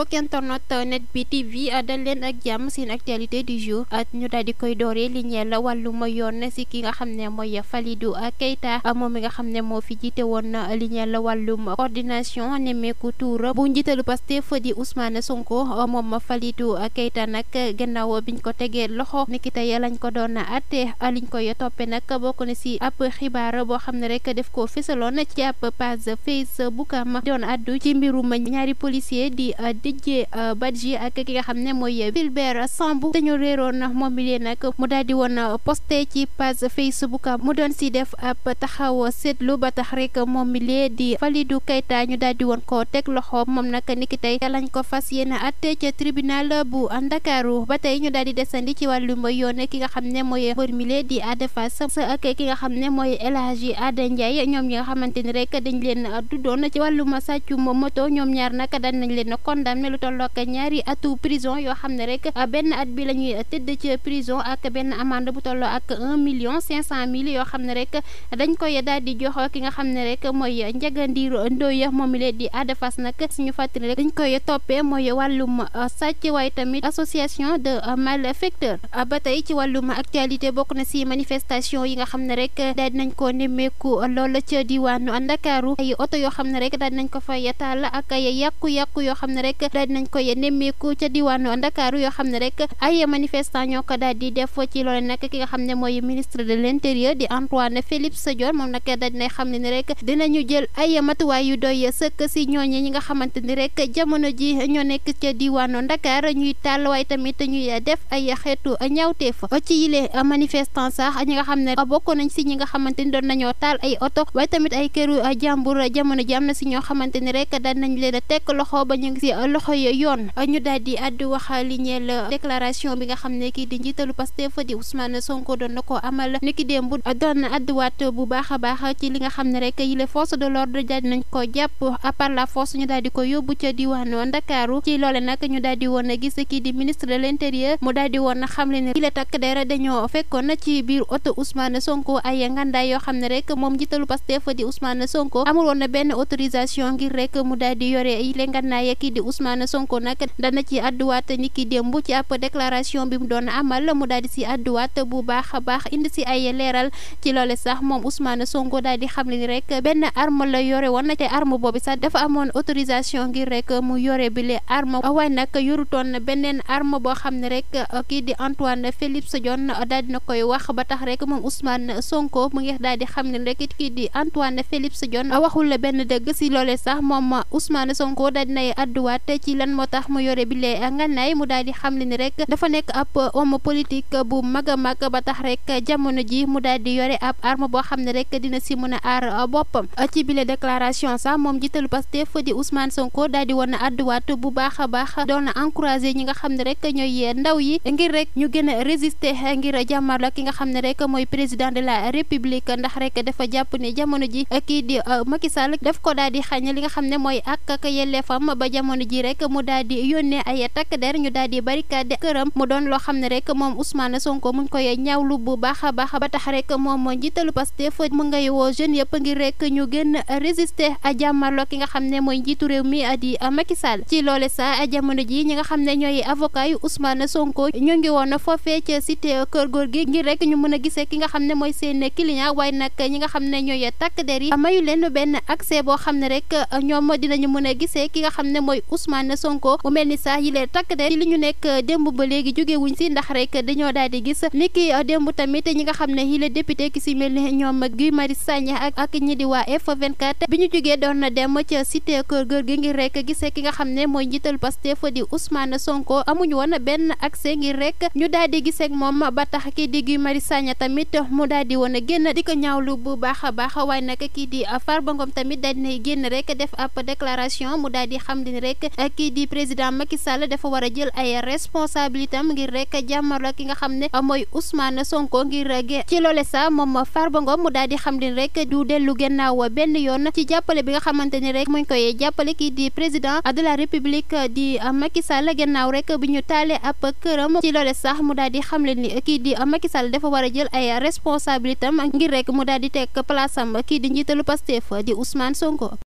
mbokk internet euh, net bi TV euh, dal leen ak jàmm seen actualité du jour euh, ñu daal di koy dooree li ñeel wàllum yoon si ki nga xam ne mooy Falidou Keita moom mi nga xam ne moo fi jiite woon li ñeel wàllum coordination nemmeeku tour bu njiitalu Pastef di Ousmane Sonko moom Falidou Keita nag gannaaw biñ ko tegee loxo niki tey lañ ko doon atte liñ koy toppee nag bokk na si ab xibaar boo xam ne rek def ko fësaloon ci ab page Facebook am doon addu ci Didier euh, Badji ak ki nga xam ne mooy Fulbert Sambou mi leen nag mu daal di woon euh, posté ci page Facebook mu doon si def ab taxaw seetlu mi lee di Falidou Keita ñu daal di woon ko teg loxo moom nag niki tey lañ ko fas yéene atte bu ba tey ñu daal di desandi ci wàllum yoon ki nga xam ne mooy mbër mi Ada Fass ne mooy El Hadji Ada Ndiaye ñoom ñi nga xamante ni rek dañ leen tuddoon euh, ci wàllum sàccum moto ñoom ñaar nag dañ leen condamné am na lu tollook ñaari atu prison yoo xam ne rek benn at bi la ñuy tëdd ci prison ak benn amende bu tolloo ak un million cinq cent mille yoo xam ne rek dañ koy daal di jox ki nga xam ne rek mooy Ndiaga Ndiro Ndoye moom la di Ada Fass nag suñu fàttali dañ koy toppee mooy wàllum sàcc waaye tamit association de malfaiteurs ba tey ci wàllum actualité bokk na si manifestation yi nga xam ne rek daal dinañ ko nemmeeku lool ca diwaanu Ndakaaru ay oto yoo xam ne rek daal dinañ ko fay taal ak ay yàqu yoo xam ne rek daal ko koy nemmeeku ca diwaanu Ndakaaru yoo xam ne rek ay manifestant ñoo ko daal di def ci loole nag ki nga xam ne mooy ministre de l'intérieur di Antoine Félix Diome moom nag daal dinay xam ne ni rek dinañu jël ay matuwaay yu doy sëkk si ñooñu ñi nga xamante ni rek jamono ji ñoo nekk ca diwaanu Ndakaar ñuy tàll waaye tamit ñuy def ay xeetu ñaawteef ci yile manifestant sax ñi nga xam ne bokk nañ si ñi nga xamante ni doon nañoo taal ay oto waaye tamit ay këru jàmbur jamono ji am na si ñoo xamante ni rek daal nañ leen tekk loxo ba ñu ngi si loxo ya yoon ñu daal di àddu wax li bi nga xam ne kii di njiitalu Pastef di Ousmane Sonko doon na ko amal niki baax a baax ci li nga xam ne rek yile force de l'ordre daal nañ ko jàpp à part la force ñu daal di ko yóbbu ca diwaanu Ndakaaru ci loole nag ñu daal di woon a gis kii di ministre de l'intérieur mu daal di woon a xam le ne yile takk dara dañoo fekkoon ci biir oto Ousmane Sonko ngandaay yoo xam ne rek moom njiitalu Pastef di Ousmane Sonko amul woon na benn autorisation ngir rek mu daal di yore yile ngandaay kii di Ousmane Sonko nag dana ci àdduwaat ni ki démb ci ab déclaration bi mu doon amal mu daal di si àdduwaat bu baax a baax indi si ay leeral ci loole sax moom Ousmane Sonko daal di xam ne ni rek benn arme la yore woon te arme boobu sax dafa amoon autorisation ngir rek mu yore bile arme waaye nag yorutoon beneen arme boo xam ne rek kii di Antoine Félix Diome daal di koy wax ba tax rek moom Ousmane Sonko mu ngi daal di xam ne rek it kii di Antoine Félix Diome waxul benn dëgg si loole sax moom Ousmane Sonko daal di nay àdduwaat woote ci lan moo tax mu yore bi lee ngànnaay mu daal di xam ne ni rek dafa nekk ab homme politique bu mag a mag ba tax rek jamono ji mu daal di yore ab arme boo xam ne rek dina si mën a ar boppam ci bile déclaration sax moom jiitalu Pastef di Ousmane Sonko dal di woon a àdduwaat bu baax a baax doon na encouragé ñi nga xam ne rek ñooy ndaw yi ngir rek ñu gën a résister ngir jàmmarloo ki nga xam ne rek mooy président de la république ndax rek dafa jàpp ne jamono ji kii di Macky Sall ko daal di li nga xam yi rek mu daal di yónnee ay takk der ñu daal di barricade këram mu doon loo xam ne rek moom Ousmane Sonko mu ngi koy ñaawlu bu baax a baax ba tax rek moom ki nga ne mooy njiitu réew mi di Macky Sall ci loole sa ñi nga xam ne ñooy avocat yu Ousmane Sonko ñu ngi woon foofee ca cité kër góor gi ngir rek ñu mën a ki nga xam ne mooy seen client waaye nag ñi nga xam ne ñooy takk der yi mayu leen benn accès boo xam ne rek ñoom dinañu mën a gisee ki nga xam ne mooy Ousmane Ousmane Sonko mu mel ni sax yi leen takk de li ñu nekk démb ba léegi jóge si ndax dañoo daal di gis ni ki démb tamit ñi nga xam ne yi la député ki si mel ni ñoom Guy Marius Sagna ak ak ñi di waa F24 bi ñu jógee doon na dem ca cité kër góor gi ngir rek gisee ki nga xam ne mooy njiital Pastef di Ousmane Sonko amuñu woon benn accès ngir rek ñu daal di gisee moom ba tax kii di Guy mari Sagna tamit mu daal di woon a génn di ko ñaawlu bu baax a baax waaye nag kii di Farba Ngom tamit daal nay génn rek def ab déclaration mu daal di xam ni rek kii di président Macky Sall dafa war a jël ay responsabilité am ngir rek jàmmarloo ki nga xam ne mooy Ousmane Sonko ngir ge ci loole sax moom Farba Ngom mu daal di xam ne rek du dellu gannaaw benn yoon ci jàppale bi nga xamante ni rek muñ koy jàppale kii di président de la république di Macky Sall gannaaw rek bi ñu taalee ab këram ci loole sax mu daal di xam le ni kii di Macky Sall dafa war a jël ay responsabilité am ngir rek mu daal di teg place am kii di njiitalu Pastef di Ousmane Sonko